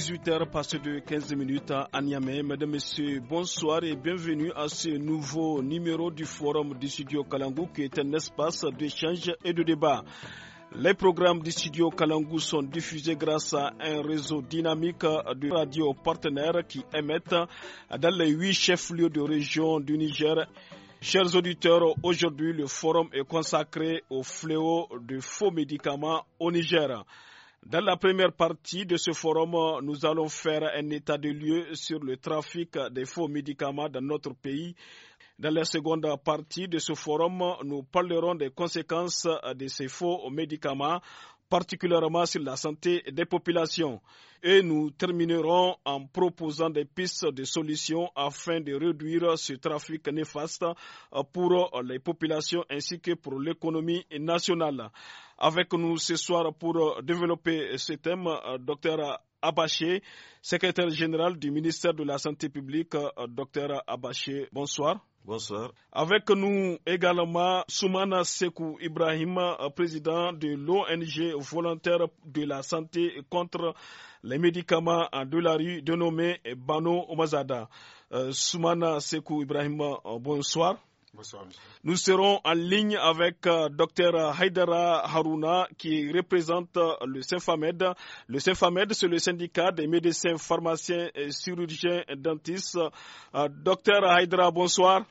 18h passé de 15 minutes à Niamey. Mesdames, Messieurs, bonsoir et bienvenue à ce nouveau numéro du Forum du Studio Kalangou qui est un espace d'échange et de débat. Les programmes du studio Kalangu sont diffusés grâce à un réseau dynamique de radio partenaires qui émettent dans les huit chefs-lieux de région du Niger. Chers auditeurs, aujourd'hui le forum est consacré au fléau de faux médicaments au Niger. Dans la première partie de ce forum, nous allons faire un état de lieu sur le trafic des faux médicaments dans notre pays. Dans la seconde partie de ce forum, nous parlerons des conséquences de ces faux médicaments particulièrement sur la santé des populations. Et nous terminerons en proposant des pistes de solutions afin de réduire ce trafic néfaste pour les populations ainsi que pour l'économie nationale. Avec nous ce soir pour développer ce thème, Dr. Abaché, secrétaire général du ministère de la Santé publique. Dr. Abaché, bonsoir. Bonsoir. Avec nous également Soumana Sekou Ibrahim, président de l'ONG volontaire de la santé contre les médicaments de la rue dénommé Bano Omazada. Euh, Soumana Sekou Ibrahim, bonsoir. Nous serons en ligne avec euh, Dr Haidara Harouna qui représente euh, le CEFAMED. Le CEFAMED, c'est le syndicat des médecins, pharmaciens, chirurgiens, et dentistes. Euh, docteur Haidara, Bonsoir.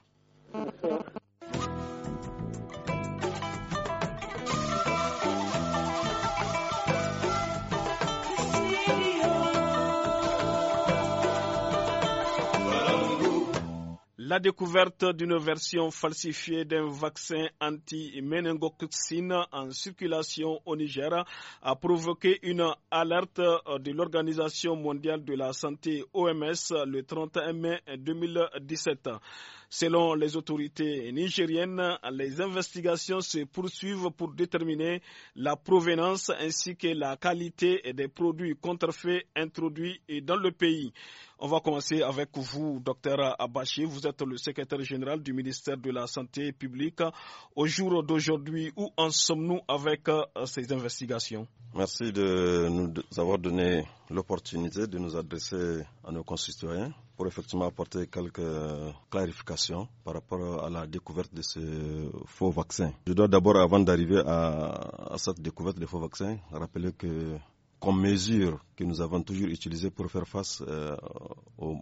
La découverte d'une version falsifiée d'un vaccin anti-méningococcine en circulation au Niger a provoqué une alerte de l'Organisation mondiale de la santé OMS le 31 mai 2017. Selon les autorités nigériennes, les investigations se poursuivent pour déterminer la provenance ainsi que la qualité des produits contrefaits introduits dans le pays. On va commencer avec vous, docteur Abachi. Vous êtes le secrétaire général du ministère de la Santé publique. Au jour d'aujourd'hui, où en sommes-nous avec euh, ces investigations Merci de nous avoir donné l'opportunité de nous adresser à nos concitoyens pour effectivement apporter quelques clarifications par rapport à la découverte de ce faux vaccin. Je dois d'abord, avant d'arriver à, cette découverte des faux vaccins, rappeler que comme mesure que nous avons toujours utilisée pour faire face euh, aux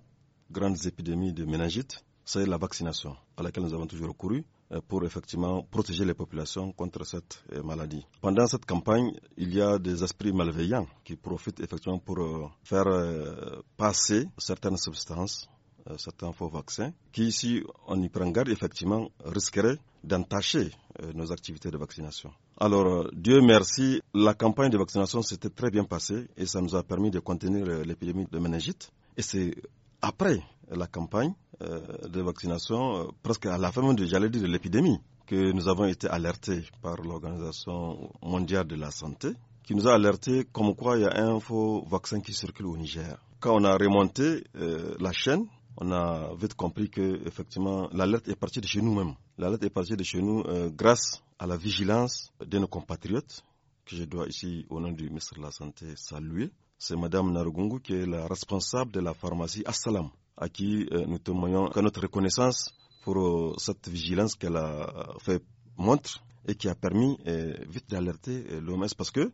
grandes épidémies de méningite, c'est la vaccination à laquelle nous avons toujours recouru. Euh, pour effectivement protéger les populations contre cette euh, maladie. Pendant cette campagne, il y a des esprits malveillants qui profitent effectivement pour euh, faire passer certaines substances, certains faux vaccins, qui si on y prend garde effectivement risqueraient d'entacher nos activités de vaccination. Alors, Dieu merci, la campagne de vaccination s'était très bien passée et ça nous a permis de contenir l'épidémie de méningite. Et c'est après la campagne euh, de vaccination euh, presque à la fin de, de l'épidémie, que nous avons été alertés par l'Organisation mondiale de la santé, qui nous a alertés comme quoi il y a un faux vaccin qui circule au Niger. Quand on a remonté euh, la chaîne, on a vite compris que effectivement l'alerte est partie de chez nous-mêmes. L'alerte est partie de chez nous grâce à la vigilance de nos compatriotes, que je dois ici, au nom du ministre de la Santé, saluer. C'est Madame Narugungu qui est la responsable de la pharmacie Assalam à qui euh, nous témoignons notre reconnaissance pour euh, cette vigilance qu'elle a euh, fait montre et qui a permis vite d'alerter l'OMS parce que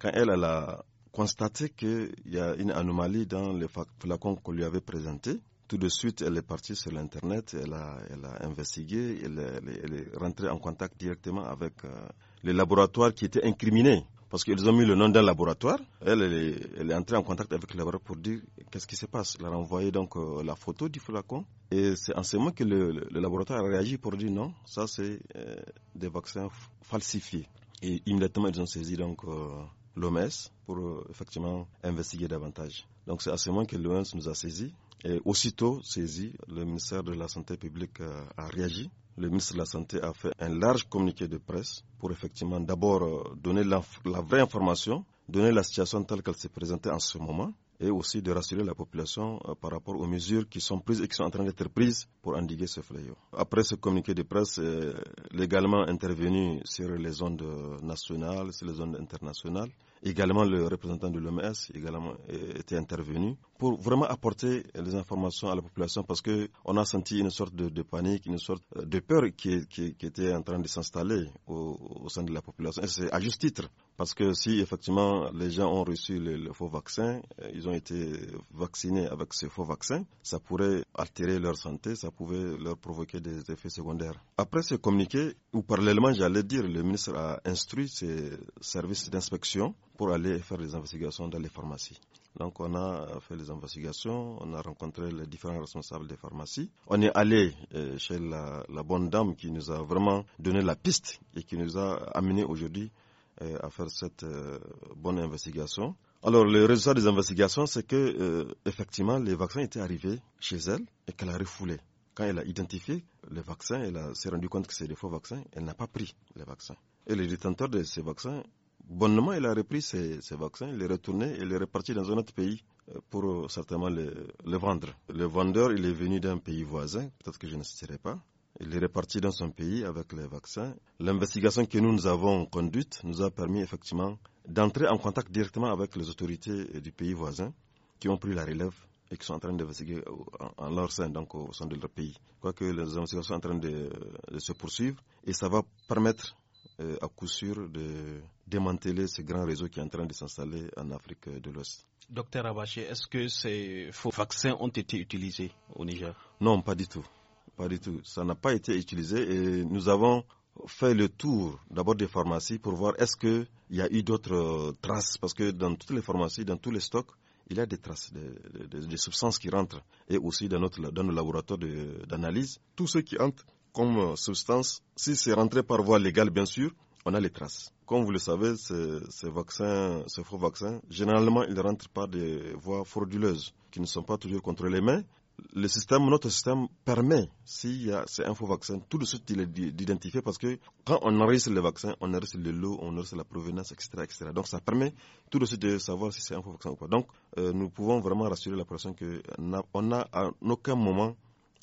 quand elle, a constaté qu'il y a une anomalie dans les flacons qu'on lui avait présentés, tout de suite, elle est partie sur l'Internet, elle a, elle a, investigué, elle, est rentrée en contact directement avec les laboratoires qui étaient incriminés parce qu'ils ont mis le nom d'un laboratoire. Elle, elle est, elle est, entrée en contact avec le laboratoire pour dire qu'est-ce qui se passe. Elle a renvoyé donc euh, la photo du flacon. Et c'est en ce moment que le, laboratoire a réagi pour dire non, ça c'est euh, des vaccins falsifiés. Et immédiatement, ils ont saisi donc euh, l'OMS pour effectivement investiguer davantage. Donc c'est à ce moment que l'OMS nous a saisi Et aussitôt saisi, le ministère de la Santé publique a réagi le ministre de la Santé a fait un large communiqué de presse pour effectivement d'abord euh, donner la, vraie information, donner la situation telle qu'elle s'est présentée en ce moment et aussi de rassurer la population euh, par rapport aux mesures qui sont prises et qui sont en train d'être prises pour endiguer ce fléau. Après ce communiqué de presse, euh, légalement intervenu sur les zones nationales, sur les zones internationales, également le représentant de l'OMS également était intervenu pour vraiment apporter les informations à la population parce que on a senti une sorte de, panique, une sorte euh, de peur qui, était en train de s'installer au, sein de la population. Et c'est à juste titre parce que si effectivement les gens ont reçu le, le, faux vaccin, euh, ils ont été vaccinés avec ce faux vaccin, ça pourrait altérer leur santé, ça pouvait leur provoquer des effets secondaires. Après ce communiqué, ou parallèlement, j'allais dire, le ministre a instruit ses services d'inspection pour aller faire des investigations dans les pharmacies. Donc on a euh, fait les investigations, on a rencontré les différents responsables des pharmacies. On est allé euh, chez la, bonne dame qui nous a vraiment donné la piste et qui nous a amené aujourd'hui euh, à faire cette bonne investigation. Alors, le résultat des investigations, c'est que, effectivement, les vaccins étaient arrivés chez elle et qu'elle a refoulé. Quand elle a identifié les vaccins, elle s'est rendue compte que c'est des faux vaccins, elle n'a pas pris les vaccins. Et les détenteurs de ces vaccins bonnement, il a repris ses, vaccins, il les retourné et est reparti dans un autre pays euh, pour euh, certainement les, vendre. Le vendeur, il est venu d'un pays voisin, peut-être que je ne citerai pas. Il est reparti dans son pays avec les vaccins. L'investigation que nous, nous avons conduite nous a permis effectivement d'entrer en contact directement avec les autorités euh, du pays voisin qui ont pris la relève et qui sont en train d'investiguer en leur sein, donc au sein de leur pays. Quoique les investigations sont en train de, de se poursuivre et ça va permettre euh, à coup sûr de démanteler ce grand réseau qui est en train de s'installer en Afrique de l'Ouest. Docteur Abaché, est-ce que ces faux vaccins ont été utilisés au Niger Non, pas du tout. Pas du tout. Ça n'a pas été utilisé et nous avons fait le tour d'abord des pharmacies pour voir est-ce qu'il y a eu d'autres euh, traces. Parce que dans toutes les pharmacies, dans tous les stocks, il y a des traces, des, substances qui rentrent. Et aussi dans, notre, dans nos laboratoires d'analyse, tous ceux qui entrent, comme euh, substance, si c'est rentré par voie légale, bien sûr, on a les traces. Comme vous le savez, ces, vaccins, ces faux vaccins, généralement, ils rentrent par des voies frauduleuses qui ne sont pas toujours contrôlées. Mais le système, notre système permet, s'il y a faux vaccin, tout de suite est d'identifier parce que quand on enregistre le vaccin, on enregistre le lot, on enregistre la provenance, etc., Donc ça permet tout de suite de savoir si c'est un faux vaccin ou pas. Donc euh, nous pouvons vraiment rassurer la population qu'on n'a on a à aucun moment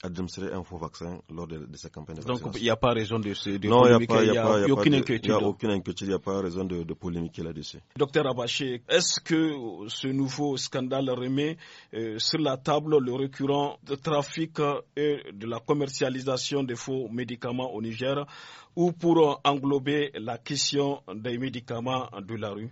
administrer un faux vaccin lors de, sa campagne de vaccination. Donc il n'y a pas raison de, se, non, il n'y a, aucune inquiétude. Il n'y a aucune inquiétude, il n'y a pas raison de, polémiquer là-dessus. Docteur Abaché, est-ce que euh, ce nouveau scandale remet euh, sur la table le récurrent de trafic euh, et de la commercialisation des faux médicaments au Niger ou pour englober la question des médicaments de la rue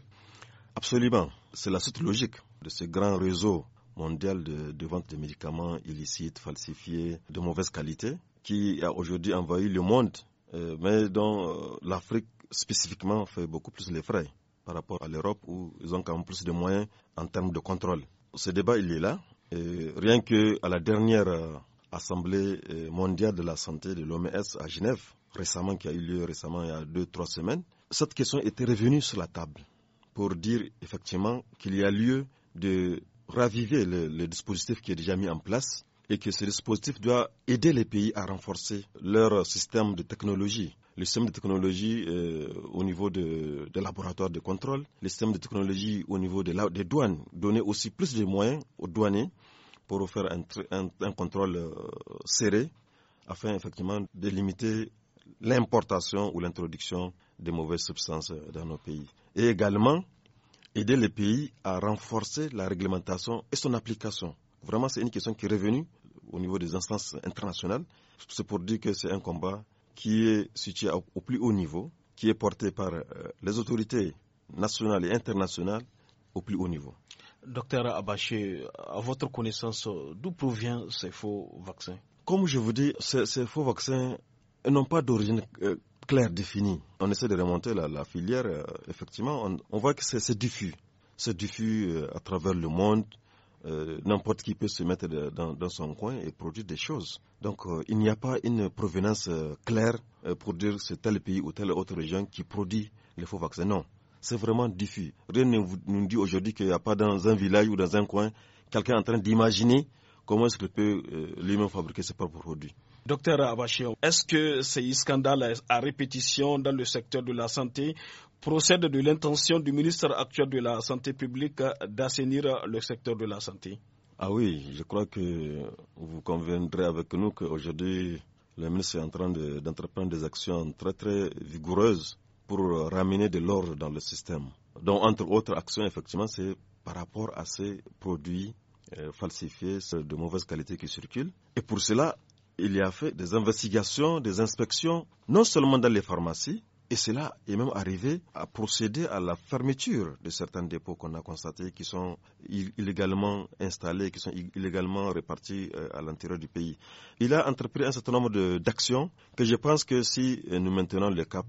Absolument, c'est la suite logique de ce grand réseau mondiale de, vente de médicaments illicites, falsifiés, de mauvaise qualité, qui a aujourd'hui envahi le monde, euh, mais dont euh, l'Afrique spécifiquement fait beaucoup plus les frais par rapport à l'Europe où ils ont quand même plus de moyens en termes de contrôle. Ce débat, il est là. rien que à la dernière euh, Assemblée mondiale de la santé de l'OMS à Genève, récemment, qui a eu lieu récemment il y a deux, trois semaines, cette question était revenue sur la table pour dire effectivement qu'il y a lieu de raviver le, dispositif qui est déjà mis en place et que ce dispositif doit aider les pays à renforcer leur système de technologie. Le système de technologie euh, au niveau des de laboratoires de contrôle, le système de technologie au niveau des douanes, donner aussi plus de moyens aux douaniers pour faire un, contrôle euh, serré afin effectivement de limiter l'importation ou l'introduction de mauvaises substances euh, dans nos pays. Et également, aider les pays à renforcer la réglementation et son application. Vraiment, c'est une question qui est revenue au niveau des instances internationales. C'est pour dire que c'est un combat qui est situé au plus haut niveau, qui est porté par euh, les autorités nationales et internationales au plus haut niveau. Docteur Abaché, à votre connaissance, d'où proviennent ces faux vaccins Comme je vous dis, ces faux vaccins n'ont pas d'origine euh, clair défini. On essaie de remonter la, la filière. Euh, effectivement, on, voit que c'est diffus. C'est diffus euh, à travers le monde. Euh, n'importe qui peut se mettre dans, son coin et produire des choses. Donc, il n'y a pas une provenance claire pour dire c'est tel pays ou telle autre région qui produit les faux vaccins. Non, c'est vraiment diffus. Rien ne nous dit aujourd'hui qu'il n'y a pas dans un village ou dans un coin quelqu'un en train d'imaginer comment est-ce qu'il peut lui-même fabriquer ses propres produits. Docteur Abachion, est-ce que ces scandales à répétition dans le secteur de la santé procèdent de l'intention du ministre actuel de la Santé publique d'assainir le secteur de la santé Ah oui, je crois que vous conviendrez avec nous qu'aujourd'hui, le ministre est en train d'entreprendre des actions très très vigoureuses pour ramener de l'ordre dans le système. Donc, entre autres actions, effectivement, c'est par rapport à ces produits euh, falsifiés, de mauvaise qualité qui circulent. Et pour cela, il y a fait des investigations, des inspections, non seulement dans les pharmacies, et cela est même arrivé à procéder à la fermeture de certains dépôts qu'on a constatés qui sont illégalement installés, qui sont illégalement répartis euh, à l'intérieur du pays. Il a entrepris un certain nombre d'actions que je pense que si nous maintenons le cap,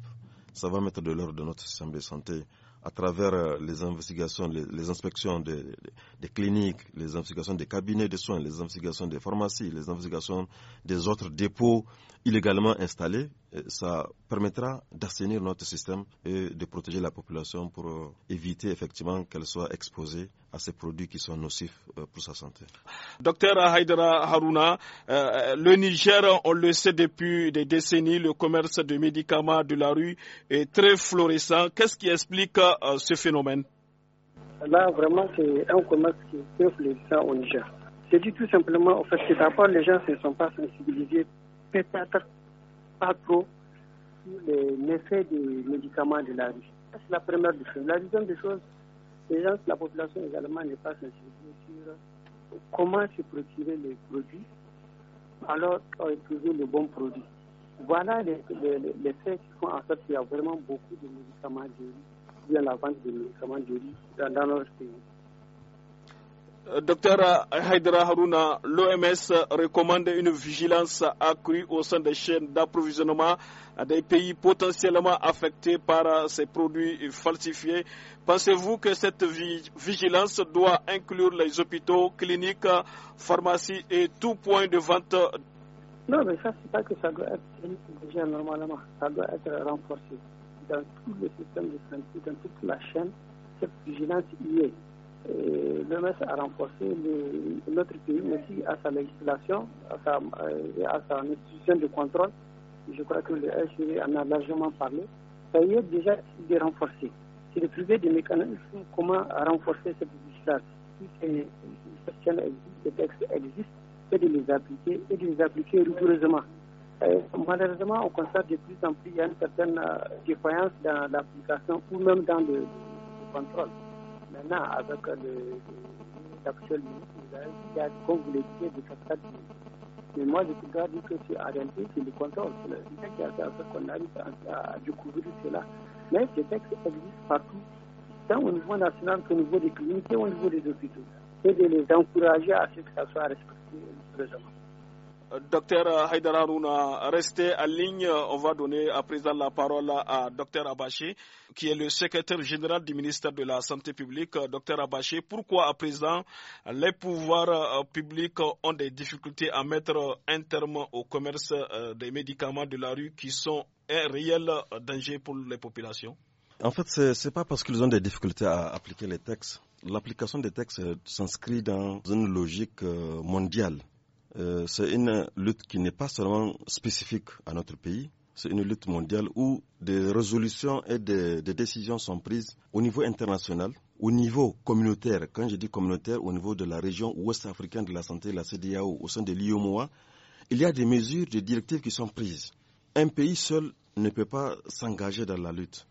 ça va mettre de l'ordre dans notre système de santé à travers euh, les investigations, les, inspections des, des, cliniques, les investigations des cabinets de soins, les investigations des pharmacies, les investigations des autres dépôts illégalement installés, euh, ça permettra d'assainir notre système et de protéger la population pour euh, éviter effectivement qu'elle soit exposée à ces produits qui sont nocifs euh, pour sa santé. Docteur Haïdra Harouna, le Niger, on le sait depuis des décennies, le commerce de médicaments de la rue est très florissant. Qu'est-ce qui explique ce phénomène Là, vraiment, c'est un commerce qui est très florissant au Niger. C'est dit tout simplement, au fait, que d'abord, les gens ne sont pas sensibilisés peut-être pas trop sur l'effet des médicaments de la rue. C'est la première des choses. La deuxième des choses, c'est la population également n'est pas sensibilisée sur comment se procurer les produits alors on est toujours le bon produit. Voilà les, les, faits qui font en sorte qu'il y a vraiment beaucoup de médicaments de y bien la vente de médicaments de riz dans, dans notre pays. Docteur Haïdra Haruna, l'OMS recommande une vigilance accrue au sein des chaînes d'approvisionnement des pays potentiellement affectés par ces produits falsifiés. Pensez-vous que cette vigilance doit inclure les hôpitaux, cliniques, pharmacies et tout point de vente Non, mais ça, c'est pas que ça doit être normalement. Ça doit être renforcé. Dans tout le système de santé, dans toute la chaîne, cette vigilance y est. Euh, l'OMS a renforcé notre pays aussi à sa législation à et euh, à sa institution de contrôle. Je crois que le HCV en a largement parlé. Ça y est déjà de renforcer. C'est de trouver des mécanismes comment renforcer cette législation. Si ces textes existent, c'est de les appliquer et de les appliquer rigoureusement. Euh, malheureusement, on constate de plus en plus il y a une certaine défaillance dans l'application ou même dans le contrôle. Maintenant, avec l'actuel ministre, il y a, comme vous l'étiez, de cette Mais moi, je voudrais dire que c'est arrêté, c'est le contrôle. C'est le qu'il y a fait qu'on arrive à, découvrir cela. Mais ces textes existe partout, tant au niveau national qu'au niveau des communautés, au niveau des hôpitaux. Et de les encourager à ce que ça soit respecté, présentement. Docteur Haïdara Rouna, restez en ligne. On va donner à présent la parole à Docteur Abaché, qui est le secrétaire général du ministère de la Santé publique. Docteur Abaché, pourquoi à présent les pouvoirs euh, publics ont des difficultés à mettre un terme au commerce euh, des médicaments de la rue qui sont un réel euh, danger pour les populations En fait, ce n'est pas parce qu'ils ont des difficultés à appliquer les textes. L'application des textes s'inscrit dans une logique mondiale. Euh, c'est une lutte qui n'est pas seulement spécifique à notre pays, c'est une lutte mondiale où des résolutions et des, décisions sont prises au niveau international, au niveau communautaire. Quand je dis communautaire, au niveau de la région ouest-africaine de la santé, la CDAO, au sein de l'IOMOA, il y a des mesures, des directives qui sont prises. Un pays seul ne peut pas s'engager dans la lutte.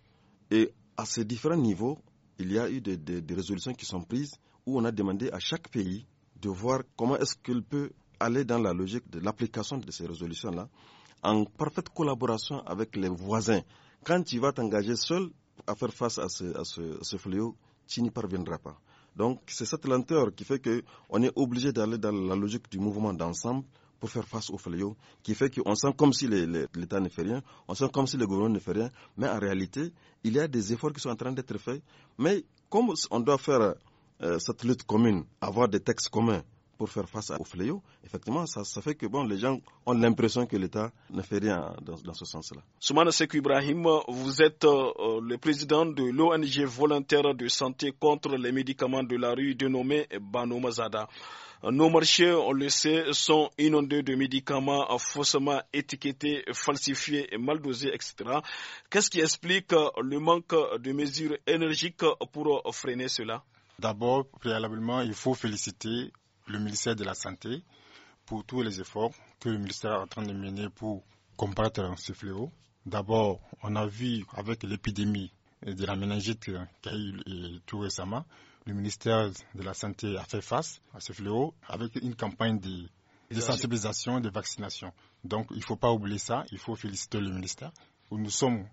Et à ces différents niveaux, il y a eu des résolutions qui sont prises où on a demandé à chaque pays de voir comment est-ce qu'il peut aller dans la logique de l'application de ces résolutions-là en parfaite collaboration avec les voisins. Quand tu vas t'engager seul à faire face à ce, fléau, tu n'y parviendras pas. Donc c'est cette lenteur qui fait qu'on est obligé d'aller dans la logique du mouvement d'ensemble pour faire face au fléau, qui fait qu'on sent comme si l'État ne fait rien, on sent comme si le gouvernement ne fait rien, mais en réalité, il y a des efforts qui sont en train d'être faits. Mais comme on doit faire euh, cette lutte commune, avoir des textes communs, pour faire face au fléau, effectivement, ça, fait que bon, les gens ont l'impression que l'État ne fait rien dans, ce sens-là. Soumana Sekou Ibrahim, vous êtes euh, le président de l'ONG volontaire de santé contre les médicaments de la rue dénommée Bano Mazada. Nos marchés, on le sait, sont inondés de médicaments faussement étiquetés, falsifiés, mal dosés, etc. Qu'est-ce qui explique euh, le manque de mesures énergiques pour freiner cela D'abord, préalablement, il faut féliciter le ministère de la Santé pour tous les efforts que le ministère est en train de mener pour combattre ce fléau. D'abord, on a vu avec l'épidémie de la méningite qui a eu tout récemment, le ministère de la Santé a fait face à ce fléau avec une campagne de, sensibilisation et de vaccination. Donc, il ne faut pas oublier ça, il faut féliciter le ministère. Où nous sommes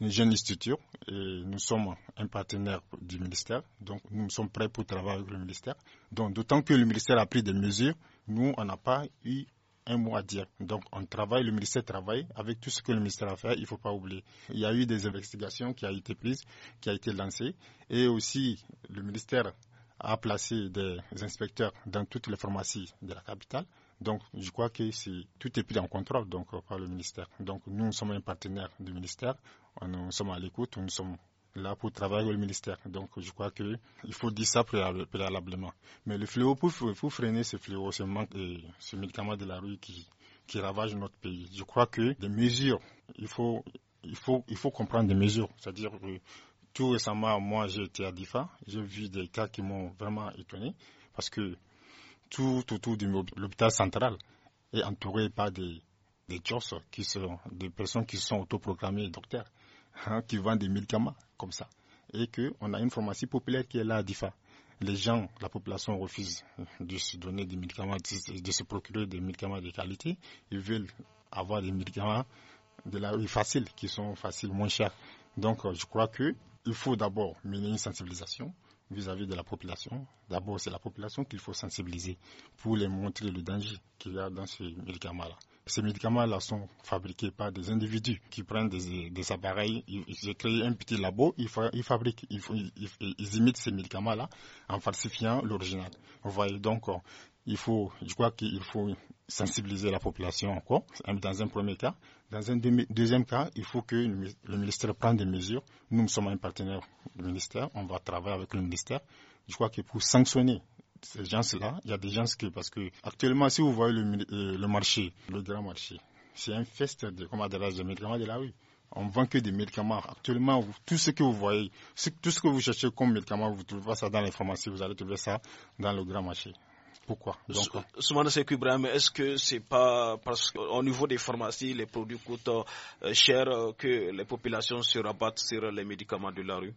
une jeune institution et nous sommes un partenaire du ministère. Donc nous sommes prêts pour travailler avec le ministère. Donc d'autant que le ministère a pris des mesures, nous on n'a pas eu un mot à dire. Donc on travaille, le ministère travaille avec tout ce que le ministère a fait, il ne faut pas oublier. Il y a eu des investigations qui ont été prises, qui ont été lancées et aussi le ministère a placé des inspecteurs dans toutes les pharmacies de la capitale donc, je crois que c'est tout est pris en contrôle donc, par le ministère. Donc, nous, sommes un partenaire du ministère. Nous sommes à l'écoute. Nous sommes là pour travailler avec le ministère. Donc, je crois qu'il faut dire ça préalablement. Mais le fléau, pour, faut freiner ce fléau, ce, manque, médicament de la rue qui, ravage notre pays, je crois que des mesures, il faut, comprendre des mesures. C'est-à-dire, tout récemment, moi, j'ai été à DIFA. J'ai vu des cas qui m'ont vraiment étonné parce que tout autour de l'hôpital central est entouré par des, des qui sont des personnes qui sont autoproclamées docteurs, hein, qui vendent des médicaments comme ça. Et qu'on a une pharmacie populaire qui est là à Difa. Les gens, la population refuse de se donner des médicaments, de, se procurer des médicaments de qualité. Ils veulent avoir des médicaments de la rue facile, qui sont faciles, moins chers. Donc, euh, je crois que il faut d'abord mener une sensibilisation vis-à-vis de la population. D'abord, c'est la population qu'il faut sensibiliser pour les montrer le danger qu'il y a dans ces médicaments-là. Ces médicaments-là sont fabriqués par des individus qui prennent des, appareils. Ils, ont créé un petit labo, ils, ils ils, imitent ces médicaments-là en falsifiant l'original. On voyez donc, il faut, je crois qu'il faut sensibiliser la population encore, dans un premier cas. Dans un deuxième cas, il faut que le ministère prenne des mesures. Nous, sommes un partenaire du ministère, on va travailler avec le ministère. Je crois que pour sanctionner ces gens-là, il y a des gens qui, parce que actuellement, si vous voyez le, euh, marché, le grand marché, c'est un fest de, comment de, médicaments de la rue. On vend que des médicaments. Actuellement, tout ce que vous voyez, tout ce que vous cherchez comme médicament, vous ne trouvez pas ça dans les pharmacies, vous allez trouver ça dans le grand marché. Pourquoi Donc, euh, Souvent, est-ce que c'est pas parce qu'au niveau des pharmacies, les produits coûtent euh, cher euh, que les populations se rabattent sur les médicaments de la rue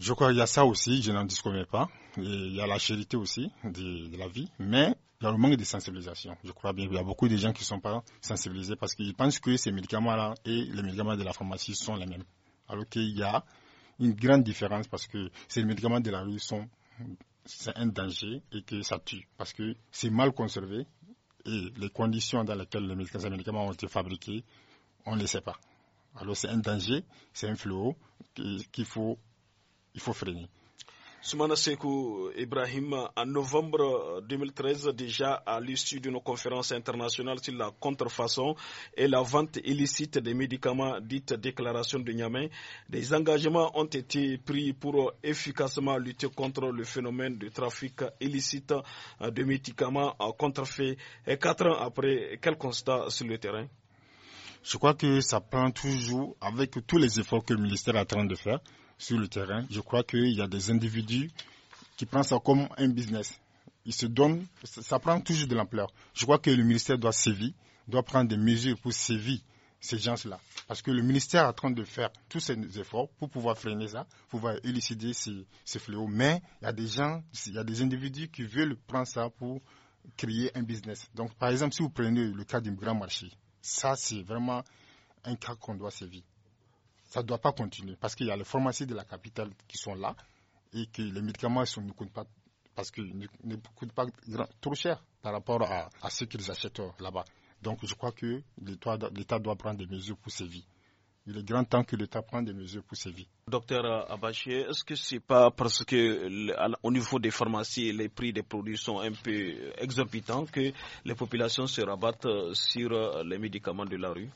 Je crois qu'il y a ça aussi, je n'en disconnais pas. il y a la charité aussi de, de la vie, mais il y a le manque de sensibilisation. Je crois bien qu'il y a beaucoup de gens qui ne sont pas sensibilisés parce qu'ils pensent que ces médicaments-là et les médicaments de la pharmacie sont les mêmes. Alors qu'il y a une grande différence parce que ces médicaments de la rue sont c'est un danger et que ça tue parce que c'est mal conservé et les conditions dans lesquelles les médicaments, américains ont été fabriqués, on ne les sait pas. Alors c'est un danger, c'est un fléau qu'il faut, il faut freiner. Soumana Sekou Ibrahim, en novembre 2013, déjà à l'issue d'une conférence internationale sur la contrefaçon et la vente illicite des médicaments dite déclaration de Niamey, des engagements ont été pris pour efficacement lutter contre le phénomène de trafic illicite de médicaments contrefaits. Et quatre ans après, quel constat sur le terrain Je crois que ça prend toujours, avec tous les efforts que le ministère est en train de faire, sur le terrain. Je crois qu'il y a des individus qui prennent ça comme un business. Ils se donnent, ça prend toujours de l'ampleur. Je crois que le ministère doit sévir, doit prendre des mesures pour sévir ces gens-là. Parce que le ministère est en train de faire tous ses efforts pour pouvoir freiner ça, pour pouvoir élucider ces, fléaux. Mais il y a des gens, il y a des individus qui veulent prendre ça pour créer un business. Donc, par exemple, si vous prenez le cas du grand marché, ça, c'est vraiment un cas qu'on doit sévir ça ne doit pas continuer parce qu'il y a les pharmacies de la capitale qui sont là et que les médicaments ne coûtent pas parce qu'ils ne, coûtent pas trop cher par rapport à, à ce qu'ils achètent là-bas. Donc je crois que l'État doit prendre des mesures pour ses vies. Il est grand temps que l'État prenne des mesures pour ses vies. Docteur Abaché, est-ce que c'est pas parce que au niveau des pharmacies, les prix des produits sont un peu exorbitants que les populations se rabattent euh, sur euh, les médicaments de la rue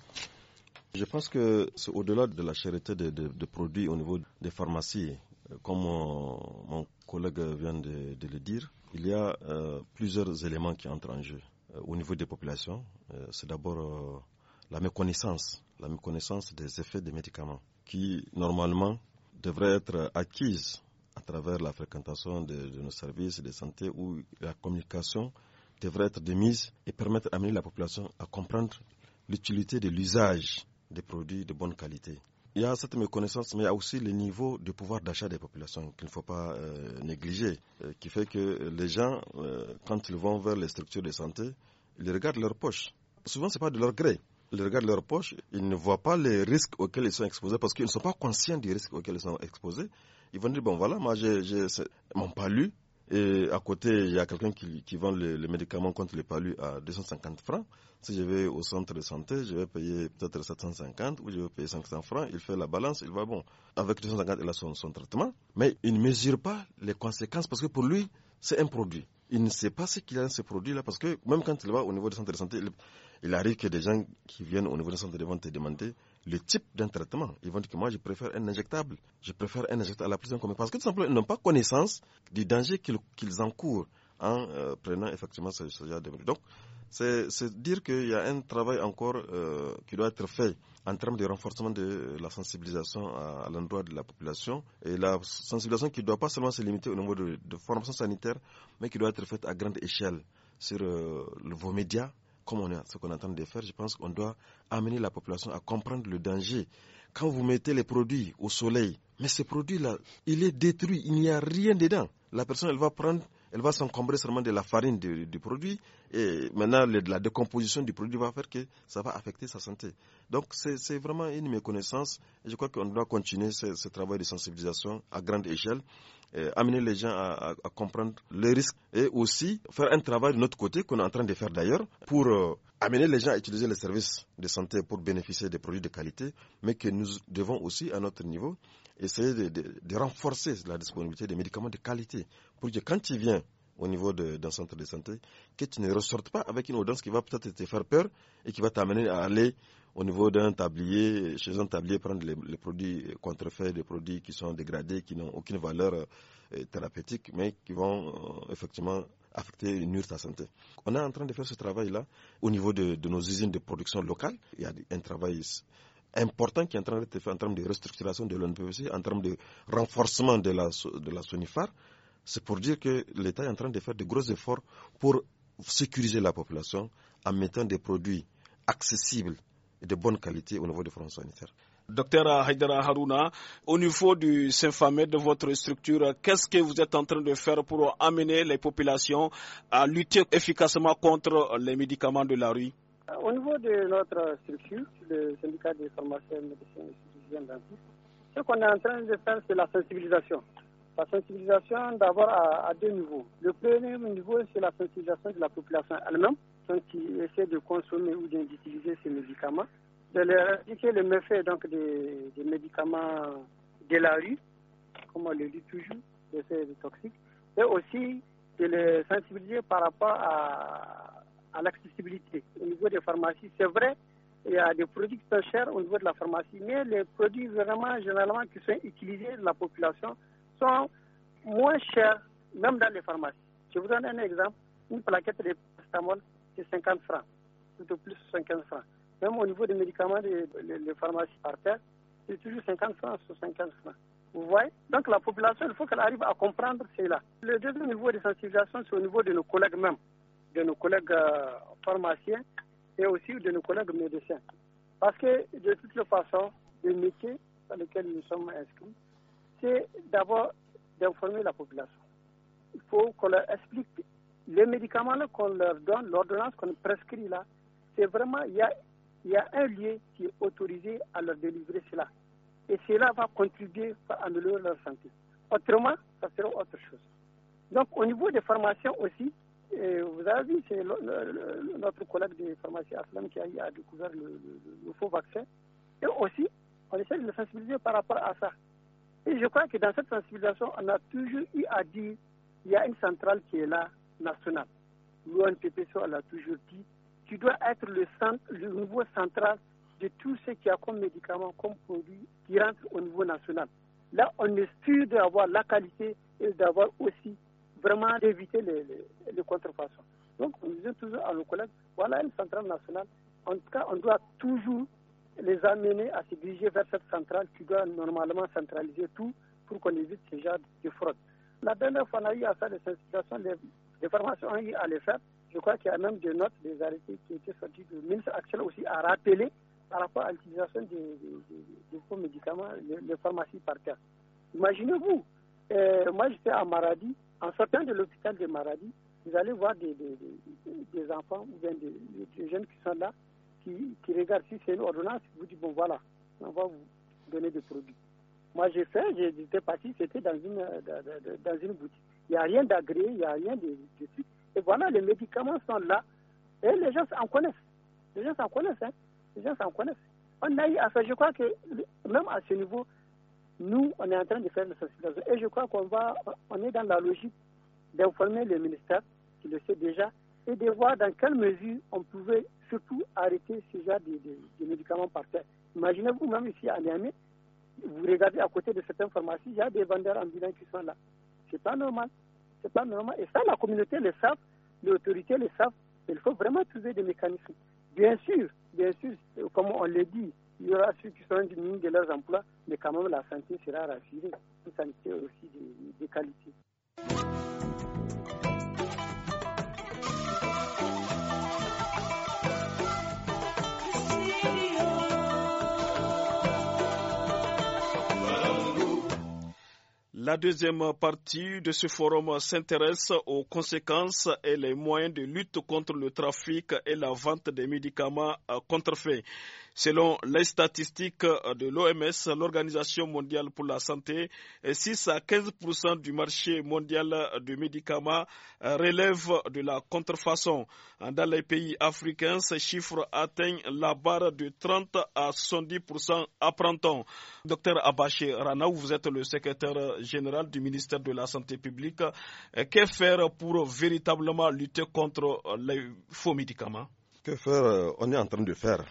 je pense que c'est au-delà de la charité des de, produits au niveau des pharmacies. Euh, comme mon, collègue vient de, le dire, il y a euh, plusieurs éléments qui entrent en jeu euh, au niveau des populations. c'est d'abord la méconnaissance, la méconnaissance des effets des médicaments qui, normalement, devraient être acquises à travers la fréquentation de, nos services de santé où la communication devrait être démise et permettre d'amener la population à comprendre l'utilité de l'usage des produits de bonne qualité. Il y a cette méconnaissance, mais il y a aussi le niveau de pouvoir d'achat des populations qu'il ne faut pas euh, négliger, euh, qui fait que les gens, euh, quand ils vont vers les structures de santé, ils regardent leur poche. Souvent, ce n'est pas de leur gré. Ils regardent leur poche, ils ne voient pas les risques auxquels ils sont exposés parce qu'ils ne sont pas conscients des risques auxquels ils sont exposés. Ils vont dire, bon voilà, moi m'ont pas lu, et à côté, il y a quelqu'un qui, vend le médicament contre les palus à 250 francs. Si je vais au centre de santé, je vais payer peut-être 750 ou je vais payer 500 francs. Il fait la balance, il va bon. Avec 250, il a son, traitement. Mais il ne mesure pas les conséquences parce que pour lui, c'est un produit. Il ne sait pas ce qu'il a dans ce produit-là parce que même quand il va au niveau du centre de santé, il, il, arrive que des gens qui viennent au niveau du centre de vente te demander le type d'un traitement. Ils vont dire que moi, je préfère un injectable, je préfère un injectable à la prise en Parce que tout simplement, ils n'ont pas connaissance du danger qu'ils encourent en euh, prenant effectivement ce, genre de Donc, c'est dire qu'il y a un travail encore euh, qui doit être fait en termes de renforcement de la sensibilisation à, l'endroit de la population et la sensibilisation qui ne doit pas seulement se limiter au niveau de, de formation sanitaire, mais qui doit être faite à grande échelle sur euh, vos médias, comme on est, ce qu'on est en train de faire, je pense qu'on doit amener la population à comprendre le danger. Quand vous mettez les produits au soleil, mais ce produit-là, il est détruit, il n'y a rien dedans. La personne, elle va prendre, elle va s'encombrer seulement de la farine du, produit, et maintenant, la décomposition du produit va faire que ça va affecter sa santé. Donc, c'est vraiment une méconnaissance, et je crois qu'on doit continuer ce travail de sensibilisation à grande échelle, euh, amener les gens à, comprendre les risques et aussi faire un travail de notre côté qu'on est en train de faire d'ailleurs pour euh, amener les gens à utiliser les services de santé pour bénéficier des produits de qualité, mais que nous devons aussi à notre niveau essayer de, renforcer la disponibilité des médicaments de qualité pour que quand il vient au niveau d'un centre de santé, que tu ne ressortes pas avec une audience qui va peut-être te faire peur et qui va t'amener à aller au niveau d'un tablier, chez un tablier, prendre les, produits contrefaits, des produits qui sont dégradés, qui n'ont aucune valeur euh, thérapeutique, mais qui vont euh, effectivement affecter et nuire ta santé. On est en train de faire ce travail-là au niveau de, nos usines de production locale. Il y a un travail important qui est en train d'être fait en termes de restructuration de l'ONPVC, en termes de renforcement de la, de la SONIFAR, c'est pour dire que l'État est en train de faire de gros efforts pour sécuriser la population en mettant des produits accessibles et de bonne qualité au niveau des fronts sanitaires. Docteur Haïdara Haruna, au niveau du Saint-Famet, de votre structure, qu'est-ce que vous êtes en train de faire pour amener les populations à lutter efficacement contre les médicaments de la rue Au niveau de notre structure, le syndicat des pharmaciens, et ce qu'on est en train de faire, c'est la sensibilisation. La sensibilisation d'abord à, deux niveaux. Le premier niveau, c'est la sensibilisation de la population elle-même, qui essaie de consommer ou d'utiliser ces médicaments, de leur indiquer le méfait donc, des, médicaments de la rue, comme on le dit toujours, de ces toxiques, et aussi de les sensibiliser par rapport à, l'accessibilité au niveau des pharmacies. C'est vrai, il y a des produits très chers au niveau de la pharmacie, mais les produits vraiment généralement qui sont utilisés de la population, sont moins cher même dans les pharmacies. Je vous donne un exemple. Une plaquette de pistamol, c'est 50 francs, tout plus plus 50 francs. Même au niveau des médicaments, les, pharmacies par terre, c'est toujours 50 francs sur 50 francs. Vous voyez Donc la population, il faut qu'elle arrive à comprendre cela. Le deuxième niveau de sensibilisation, c'est au niveau de nos collègues même, de nos collègues euh, pharmaciens et aussi de nos collègues médecins. Parce que de toute façon, le métier dans lequel nous sommes inscrits, c'est d'abord d'informer la population. Il faut qu'on leur explique les médicaments qu'on leur donne, l'ordonnance qu'on prescrit là. C'est vraiment, il y a, un lieu qui est autorisé à leur délivrer cela. Et cela va contribuer à améliorer leur santé. Autrement, ça sera autre chose. Donc, au niveau des formations aussi, vous avez vu, c'est notre collègue de pharmacie qui a, découvert le, faux vaccin. Et aussi, on essaie de le sensibiliser par rapport à ça. Et je crois que dans cette sensibilisation, on a toujours eu à dire il y a une centrale qui est là, nationale. L'ONPPC, on l'a toujours dit, tu doit être le, centre, le niveau central de tout ce qu'il y a comme médicaments, comme produits qui rentre au niveau national. Là, on est sûr d'avoir la qualité et d'avoir aussi vraiment d'éviter les, les, contrefaçons. Donc, on disait toujours à nos collègues, voilà une centrale nationale. En tout cas, on doit toujours les amener à se diriger vers cette centrale qui doit normalement centraliser tout pour qu'on évite ce genre de fraude. La dernière fois, on a eu à ça, des sensibilisations, les, ont eu à les faire. Je crois qu'il y a même des notes, des arrêtés qui étaient sortis. Le ministre actuel aussi à rappeler par rapport à l'utilisation des, faux médicaments, les, pharmacies par terre. Imaginez-vous, euh, moi j'étais à Maradi, en sortant de l'hôpital de Maradi, vous allez voir des, des enfants ou bien des jeunes qui sont là, qui, regarde si c'est une ordonnance, vous dit bon voilà, on va vous donner des produits. Moi j'ai fait, j'étais parti, c'était dans une, euh, dans une boutique. Il n'y a rien d'agréé, il n'y a rien de, suite. Et voilà, les médicaments sont là. Et les gens s'en connaissent. Les gens s'en connaissent, hein. Les gens s'en connaissent. On a eu à je crois que même à ce niveau, nous, on est en train de faire la sensibilisation. Et je crois qu'on va, on est dans la logique d'informer le ministère, qui le sait déjà, et de voir dans quelle mesure on pouvait surtout arrêter ce genre de, médicaments par terre. Imaginez-vous même ici à Niamey, vous regardez à côté de certaines pharmacies, il y a des vendeurs ambulants qui sont là. C'est pas normal. C'est pas normal. Et ça, la communauté le savent, les autorités le savent. Il faut vraiment trouver des mécanismes. Bien sûr, bien sûr, comme on le dit, il y aura ceux qui seront diminués de leurs emplois, mais quand même la santé sera rassurée, une santé aussi de qualité. La deuxième partie de ce forum s'intéresse aux conséquences et les moyens de lutte contre le trafic et la vente des médicaments contrefaits. Selon les statistiques euh, de l'OMS, l'Organisation mondiale pour la santé, 6 euh, à 15 du marché mondial de médicaments euh, relève de la contrefaçon. Dans les pays africains, ces chiffres atteignent la barre de 30 à 70 printemps. Docteur Abaché Rana, vous êtes le secrétaire général du ministère de la Santé publique. Que faire pour véritablement lutter contre les faux médicaments Que faire On est en train de faire.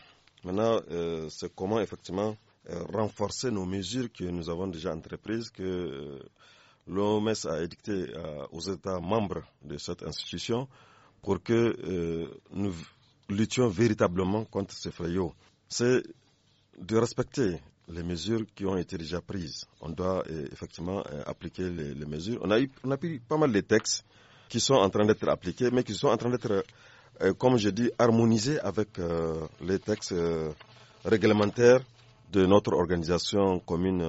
Maintenant, euh, c'est comment effectivement euh, renforcer nos mesures que nous avons déjà entreprises, que euh, l'OMS a édictées aux États membres de cette institution pour que nous luttions véritablement contre ces fléaux. C'est de respecter les mesures qui ont été déjà prises. On doit effectivement appliquer les, mesures. On a, eu, on a pas mal de textes qui sont en train d'être appliqués, mais qui sont en train d'être euh, comme je dis, harmonisé avec euh, les textes euh, réglementaires de notre organisation commune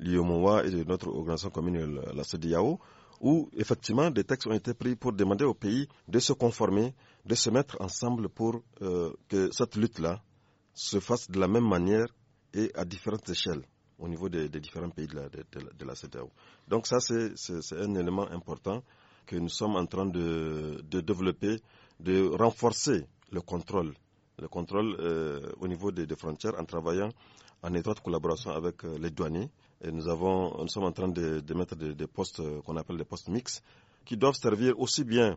l'IOMOA et de notre organisation commune la CEDIAO, où effectivement des textes ont été pris pour demander aux pays de se conformer, de se mettre ensemble pour que cette lutte-là se fasse de la même manière et à différentes échelles au niveau des, différents pays de la, de, Donc ça, c'est un élément important que nous sommes en train de développer de renforcer le contrôle, le contrôle euh, au niveau des, frontières en travaillant en étroite collaboration avec euh, les douaniers. Et nous, avons, nous sommes en train de, mettre des, postes euh, qu'on appelle des postes mixtes qui doivent servir aussi bien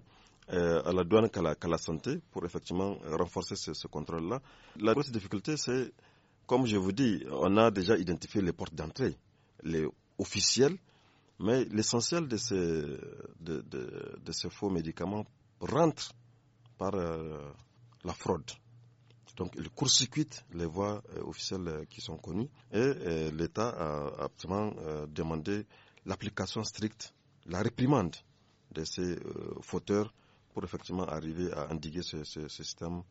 à la douane qu'à la, santé pour effectivement renforcer ce, contrôle-là. La grosse difficulté, c'est, comme je vous dis, on a déjà identifié les portes d'entrée, les officielles, mais l'essentiel de ces, de, de ces faux médicaments rentre par euh, la fraude. Donc, il court-circuite les voies euh, officielles euh, qui sont connues et l'État a absolument demandé l'application stricte, la réprimande de ces fauteurs pour effectivement arriver à endiguer ce, ce système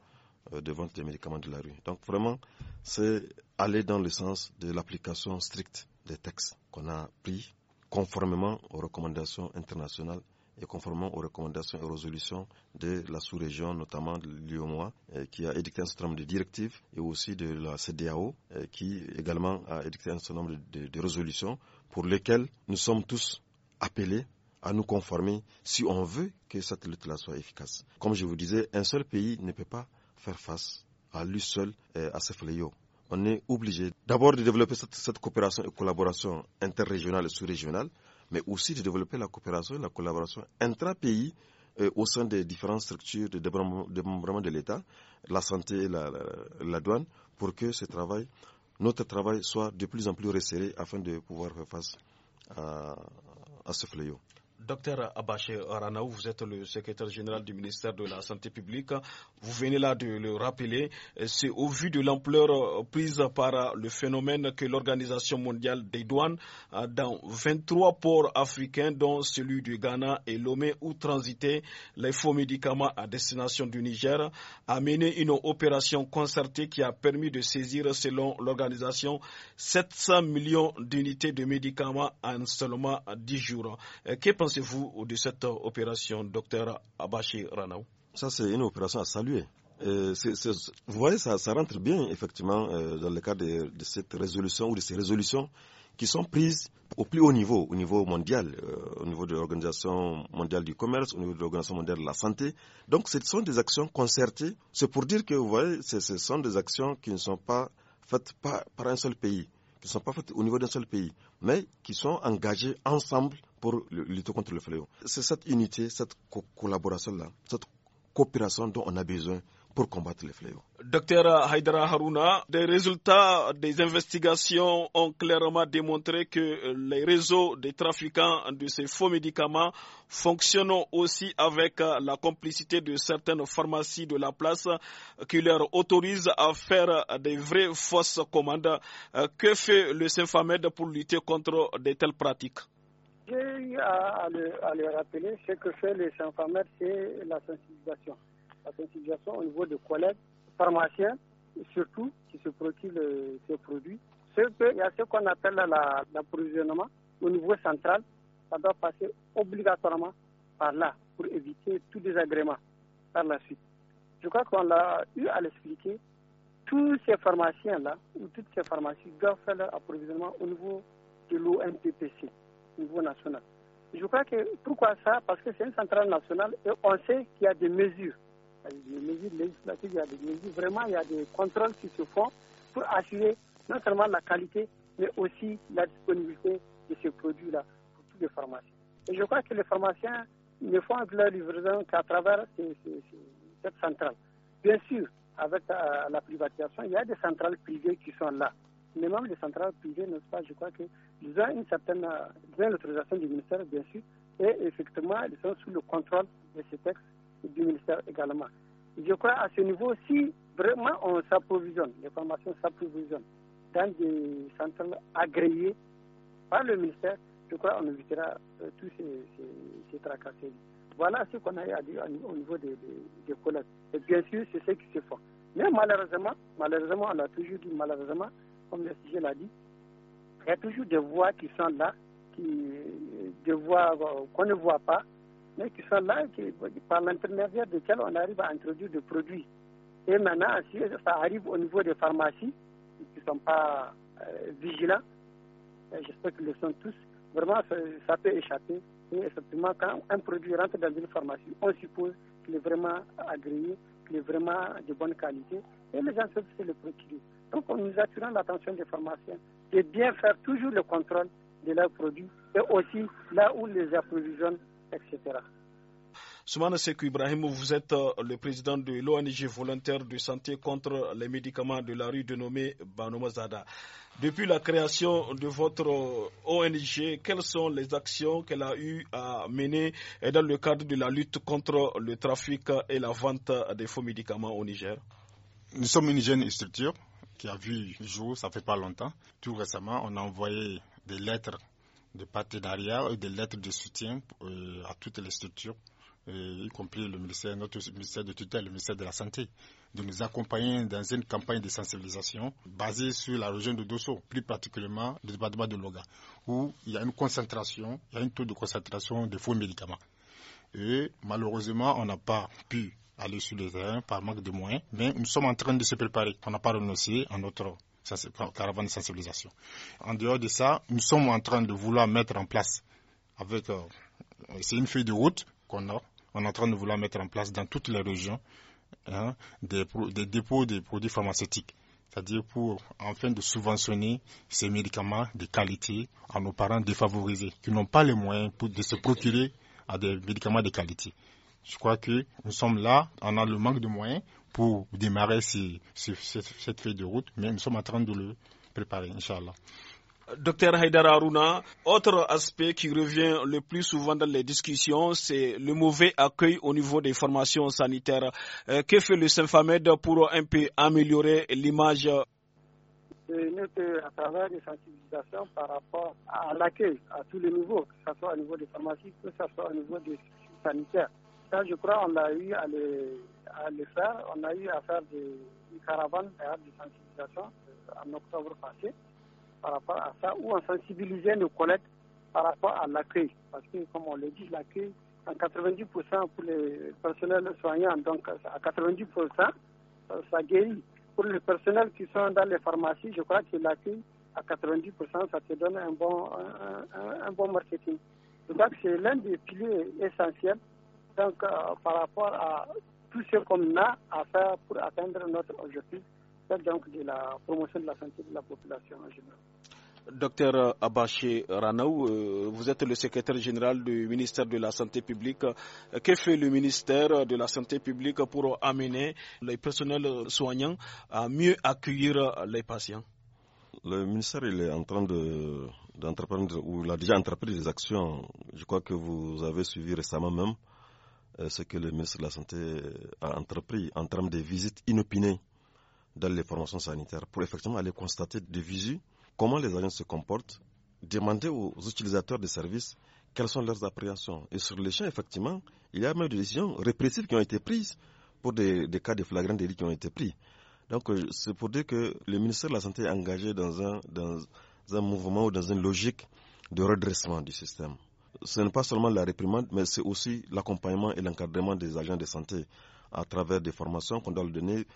de vente des médicaments de la rue. Donc vraiment, c'est aller dans le sens de l'application stricte des textes qu'on a pris conformément aux recommandations internationales et conformément aux recommandations et résolutions de la sous-région, notamment de l'UOMOA, euh, qui a édicté un certain nombre de directives et aussi de la CDAO, euh, qui également a édicté un certain nombre de, résolutions pour lesquelles nous sommes tous appelés à nous conformer si on veut que cette lutte-là soit efficace. Comme je vous disais, un seul pays ne peut pas faire face à lui seul, euh, à ses fléaux on est obligé d'abord de développer cette, cette, coopération et collaboration interrégionale et sous-régionale mais aussi de développer la coopération et la collaboration intra-pays euh, au sein des différentes structures de démembrement de l'État, la santé et la, douane, pour que ce travail, notre travail soit de plus en plus resserré afin de pouvoir faire face à ce fléau. Docteur Abaché Aranaou, vous êtes le secrétaire général du ministère de la Santé publique. Vous venez là de le rappeler. Euh, c'est au vu de l'ampleur euh, prise par euh, le phénomène que l'Organisation mondiale des douanes dans 23 ports africains, dont celui du Ghana et Lomé, où transitaient les faux médicaments à destination du Niger, a mené une opération concertée qui a permis de saisir, selon l'organisation, 700 millions d'unités de médicaments en seulement 10 jours. Que vous de cette euh, opération, docteur Abachi Ranaou Ça, c'est une opération à saluer. vous voyez, ça, rentre bien, effectivement, euh, dans le cadre de, cette résolution ou de ces résolutions qui sont prises au plus haut niveau, au niveau mondial, euh, au niveau de l'Organisation mondiale du commerce, au niveau de l'Organisation mondiale de la santé. Donc, ce sont des actions concertées. C'est pour dire que, vous voyez, ce sont des actions qui ne sont pas faites par, par un seul pays, qui ne sont pas faites au niveau d'un seul pays, mais qui sont engagées ensemble pour lutter contre le fléau. C'est cette unité, cette collaboration-là, cette coopération dont on a besoin pour combattre le fléaux. Docteur Haïdara Harouna, des résultats des investigations ont clairement démontré que euh, les réseaux des trafiquants de ces faux médicaments fonctionnent aussi avec euh, la complicité de certaines pharmacies de la place euh, qui leur autorisent à faire des vraies fausses commandes. Que fait le Symphamed pour lutter contre de telles pratiques j'ai eu à, le, rappeler, ce que fait les infirmières, c'est la sensibilisation. La sensibilisation au niveau de collègues, pharmaciens, surtout, qui se procurent euh, ces produits. Il y a ce qu'on appelle l'approvisionnement au niveau central. Ça doit passer obligatoirement par là pour éviter tout désagrément par la suite. Je crois qu'on l'a eu à l'expliquer. Tous ces pharmaciens-là, ou toutes ces pharmacies, doivent faire leur approvisionnement au niveau de l'ONPPC niveau national. Je crois que pourquoi ça Parce que c'est une centrale nationale et on sait qu'il y a des mesures, des mesures législatives, il y a des mesures, vraiment il y a des contrôles qui se font pour assurer non seulement la qualité, mais aussi la disponibilité de ces produits-là pour tous les pharmaciens. Et je crois que les pharmaciens ne font leur livraison qu'à travers cette centrale. Bien sûr, avec euh, la privatisation, il y a des centrales privées qui sont là. Les même les centrales privées, n'est-ce pas, je crois que, disons une certaine, disons l'autorisation du ministère, bien sûr, et effectivement, ils sont sous le contrôle de ces textes du ministère également. Je crois à ce niveau, si vraiment on s'approvisionne, les formations s'approvisionnent dans des centrales agréées par le ministère, je crois qu'on évitera euh, tous ces, ces, Voilà ce qu'on a à dire au niveau des, collègues. Et bien sûr, c'est ce qui se fait. Mais malheureusement, malheureusement, on a toujours dit, malheureusement, comme le sujet l'a dit, il y a toujours des voix qui sont là, qui, des voix euh, qu'on ne voit pas, mais qui sont là, qui, par l'intermédiaire desquelles on arrive à introduire des produits. Et maintenant, si ça arrive au niveau des pharmacies, qui ne sont pas euh, vigilants, ben, j'espère qu'ils le sont tous, vraiment, ça, peut échapper. Et effectivement, quand un produit rentre dans une pharmacie, on suppose qu'il est vraiment agréé, qu'il est vraiment de bonne qualité, et les gens savent se le produit. Donc, nous attirant l'attention des pharmaciens de bien faire toujours le contrôle de leurs produits et aussi là où les approvisionnent, etc. Soumane Sekou Ibrahim, vous êtes euh, le président de l'ONG volontaire de santé contre les médicaments de la rue de dénommée Banomazada. Depuis la création de votre euh, ONG, quelles sont les actions qu'elle a eu à mener dans le cadre de la lutte contre le trafic et la vente des faux médicaments au Niger Nous sommes une jeune structure qui a vu jour, ça fait pas longtemps. Tout récemment, on a envoyé des lettres de partenariat et des lettres de soutien euh, à toutes les structures, euh, y compris le ministère, notre ministère de tutelle, le ministère de la Santé, de nous accompagner dans une campagne de sensibilisation basée sur la région de Dosso, plus particulièrement le département de Loga, où il y a une concentration, il y a un taux de concentration de faux médicaments. Et malheureusement, on n'a pas pu aller sur le terrain par manque de moyens, mais nous sommes en train de se préparer. On n'a pas renoncé à notre caravane de sensibilisation. En dehors de ça, nous sommes en train de vouloir mettre en place avec, euh, c'est une feuille de route qu'on a, on est en train de vouloir mettre en place dans toutes les régions hein, des, dépôts de produits pharmaceutiques c'est-à-dire pour enfin de subventionner ces médicaments de qualité à nos parents défavorisés qui n'ont pas les moyens pour, de se procurer à des médicaments de qualité je crois que nous sommes là, on a le manque de moyens pour démarrer cette feuille de route, mais nous sommes en train de le préparer, Inch'Allah. Docteur Haïdar Aruna, autre aspect qui revient le plus souvent dans les discussions, c'est le mauvais accueil au niveau des formations sanitaires. Euh, que fait le saint pour un peu améliorer l'image notre à travers des sensibilisation par rapport à l'accueil à tous les niveaux, que ce soit au niveau des pharmacies, que ce soit au niveau des sanitaires. Ça, je crois, on a eu à le, faire. On a eu à faire des, des de sensibilisation euh, en octobre passé par rapport à ça, où on sensibilisait nos collègues par rapport à l'accueil. Parce que, comme on le dit, l'accueil, à 90% pour les personnels soignants, donc à 90%, euh, ça guérit. Pour les personnels qui sont dans les pharmacies, je crois que l'accueil à 90%, ça te donne un bon, un, bon marketing. Donc, c'est l'un des piliers essentiels donc euh, par rapport à tout ce qu'on a à faire pour atteindre notre objectif, c'est donc de la promotion de la santé de la population en général. Docteur Abaché Ranaou, euh, vous êtes le secrétaire général du ministère de la Santé publique. Que fait le ministère de la Santé publique pour amener les personnels soignants à mieux accueillir les patients Le ministère il est en train d'entreprendre, ou il a déjà entrepris des actions. Je crois que vous avez suivi récemment même euh, ce que le ministre de la Santé euh, a entrepris en termes de visites inopinées dans les formations sanitaires pour effectivement aller constater de visu comment les agents se comportent, demander aux utilisateurs des services quelles sont leurs appréhensions. Et sur les champs, effectivement, il y a même des décisions répressives qui ont été prises pour des, cas de flagrants délits qui ont été pris. Donc, euh, c'est pour dire que le ministre de la Santé est engagé dans un mouvement ou dans une logique de redressement du système ce n'est pas seulement la réprimande, mais c'est aussi l'accompagnement et l'encadrement des agents de santé à travers des formations qu'on doit leur donner.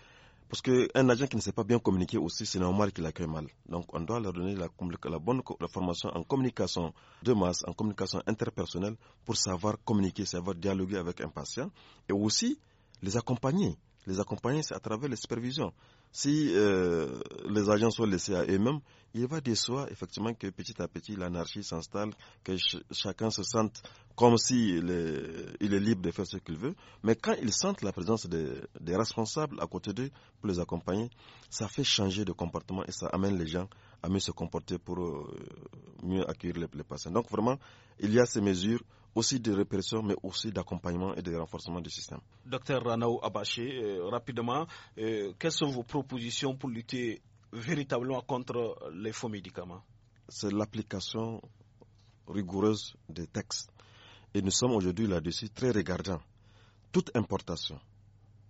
Parce qu'un agent qui ne sait pas bien communiquer aussi, c'est normal qu'il accueille mal. Donc on doit leur donner la, bonne formation en communication de masse, en communication interpersonnelle, pour savoir communiquer, savoir dialoguer avec un patient, et aussi les accompagner. Les accompagner, c'est à travers les supervisions. Si euh, les agents sont laissés à eux-mêmes, il va de soi effectivement que petit à petit l'anarchie s'installe, que chacun se sente comme s'il est, libre de faire ce qu'il veut. Mais quand ils sentent la présence des, responsables à côté d'eux pour les accompagner, ça fait changer de comportement et ça amène les gens à mieux se comporter pour euh, mieux accueillir les, les patients. Donc vraiment, il y a ces mesures aussi de répression, mais aussi d'accompagnement et de renforcement du système. Docteur Ranao Abaché, euh, rapidement, euh, quelles sont vos propositions pour lutter véritablement contre les faux médicaments C'est l'application rigoureuse des textes. Et nous sommes aujourd'hui là-dessus très regardants. Toute importation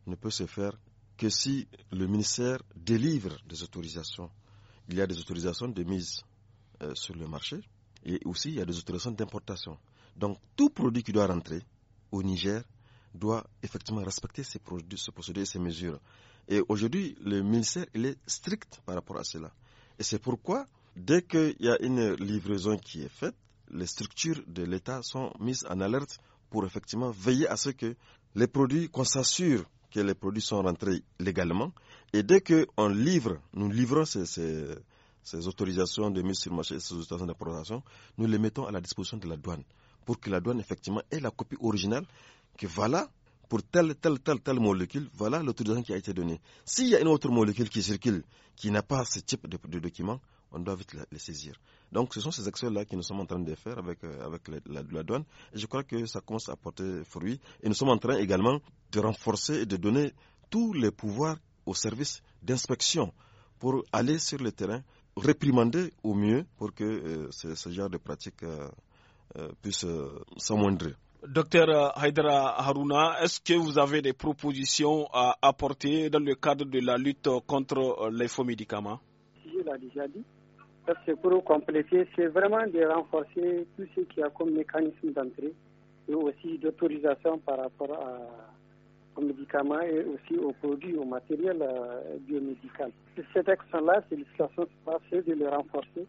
ne peut se faire que si le ministère délivre des autorisations. Il y a des autorisations de mise euh, sur le marché et aussi il y a des autorisations d'importation. Donc tout produit qui doit rentrer au Niger doit effectivement respecter ces produits, ce procédé et ces mesures. Et aujourd'hui, le ministère il est strict par rapport à cela. Et c'est pourquoi, dès qu'il y a une livraison qui est faite, les structures de l'État sont mises en alerte pour effectivement veiller à ce que les produits, qu'on s'assure que les produits sont rentrés légalement. Et dès qu'on livre, nous livrons ces, autorisations de mise sur le marché, ces autorisations d'importation, nous les mettons à la disposition de la douane pour que la douane, effectivement ait la copie originale que voilà pour telle, telle, telle, telle molécule, voilà l'autorisation qui a été donné. S'il y a une autre molécule qui circule, qui n'a pas ce type de, document, on doit vite les saisir. Donc ce sont ces actions-là que nous sommes en train de faire avec, euh, avec la, douane. Et je crois que ça commence à porter fruit. Et nous sommes en train également de renforcer et de donner tous les pouvoirs aux services d'inspection pour aller sur le terrain, réprimander au mieux pour que euh, ce, genre de pratique... Euh, euh, puisse euh, s'amoindrir. Docteur euh, Haïdra Haruna, est-ce que vous avez des propositions à apporter dans le cadre de la lutte contre les faux médicaments Je l'ai déjà dit. pour compléter, c'est vraiment de renforcer tout ce qui a comme mécanisme d'entrée et aussi d'autorisation par rapport aux médicaments et aussi aux produits, aux matériel biomédicaux. biomédical. Cette action-là, c'est de le renforcer,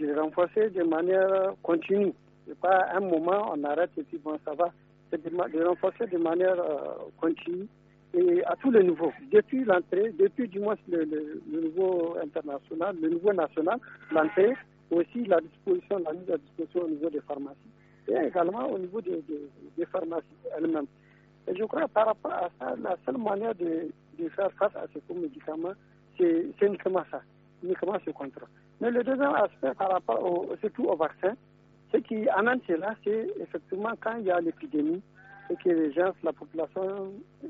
de le renforcer de manière continue. C'est pas un moment, on arrête et puis bon, ça va. C'est de, renforcer de manière euh, continue et à tous les niveaux. Depuis l'entrée, depuis du moins le, le, niveau international, le niveau national, l'entrée, aussi la disposition, la mise à disposition au niveau des pharmacies et également au niveau des, des, pharmacies elles-mêmes. Et je crois par rapport à ça, la seule manière de, faire face à ces médicaments, c'est uniquement ça, uniquement ce contrat. Mais le deuxième aspect par rapport surtout au vaccin, ce qui amène cela, c'est effectivement quand il y a l'épidémie et que les gens, la population euh,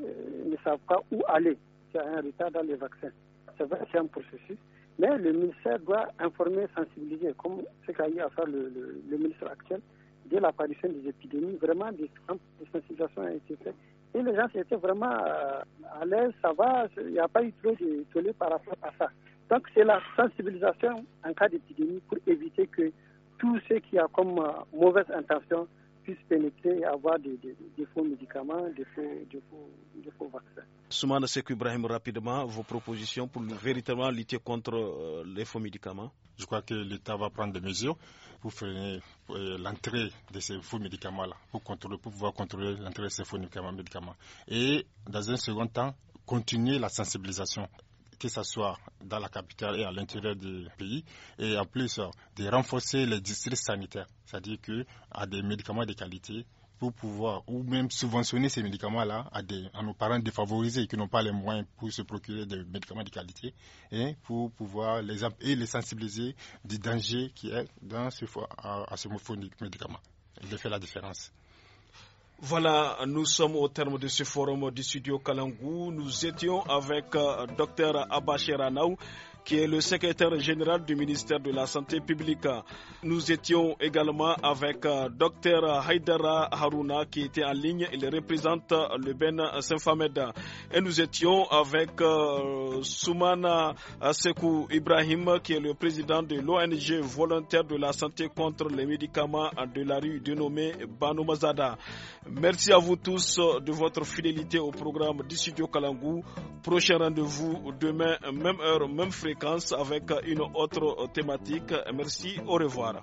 ne savent pas où aller. Il a un retard dans les vaccins. C'est un processus. Mais le ministère doit informer, sensibiliser, comme ce qu'a eu à faire le, ministre actuel, dès l'apparition des épidémies, vraiment des sensibilisations de sensibilisation ont été Et les gens étaient vraiment euh, à l'aise, ça va, il n'y a pas eu trop de tollé par rapport à ça. Donc c'est la sensibilisation en cas d'épidémie pour éviter que tout ce qui a comme euh, mauvaise intention puisse pénétrer et avoir des, faux médicaments, des faux, vaccins. Soumane Sekou rapidement, vos propositions pour véritablement lutter contre euh, les faux médicaments Je crois que l'État va prendre des mesures pour faire euh, l'entrée de ces faux médicaments-là, pour, contrôler, pour pouvoir contrôler l'entrée de ces faux médicaments. Et dans un second temps, continuer la sensibilisation que ce soit dans la capitale et à l'intérieur du pays, et en plus euh, de renforcer les districts sanitaires, c'est-à-dire que à des médicaments de qualité pour pouvoir ou même subventionner ces médicaments-là à, nos parents défavorisés qui n'ont pas les moyens pour se procurer des médicaments de qualité et pour pouvoir les, et les sensibiliser du danger qui est dans ce, à, à médicament. Il fait la différence. Voilà, nous sommes au terme de ce forum du studio Kalangou. Nous étions avec euh, Dr Abachera qui est le secrétaire général du ministère de la Santé publique. Nous étions également avec euh, Docteur Haidara Haruna qui était en ligne. Il représente euh, le Ben saint Et nous étions avec euh, Soumana Sekou Ibrahim qui est le président de l'ONG volontaire de la santé contre les médicaments de la rue dénommée Banu Mazada. Merci à vous tous de votre fidélité au programme du studio Kalangou. Prochain rendez-vous demain, même heure, même avec une autre thématique. Merci, au revoir.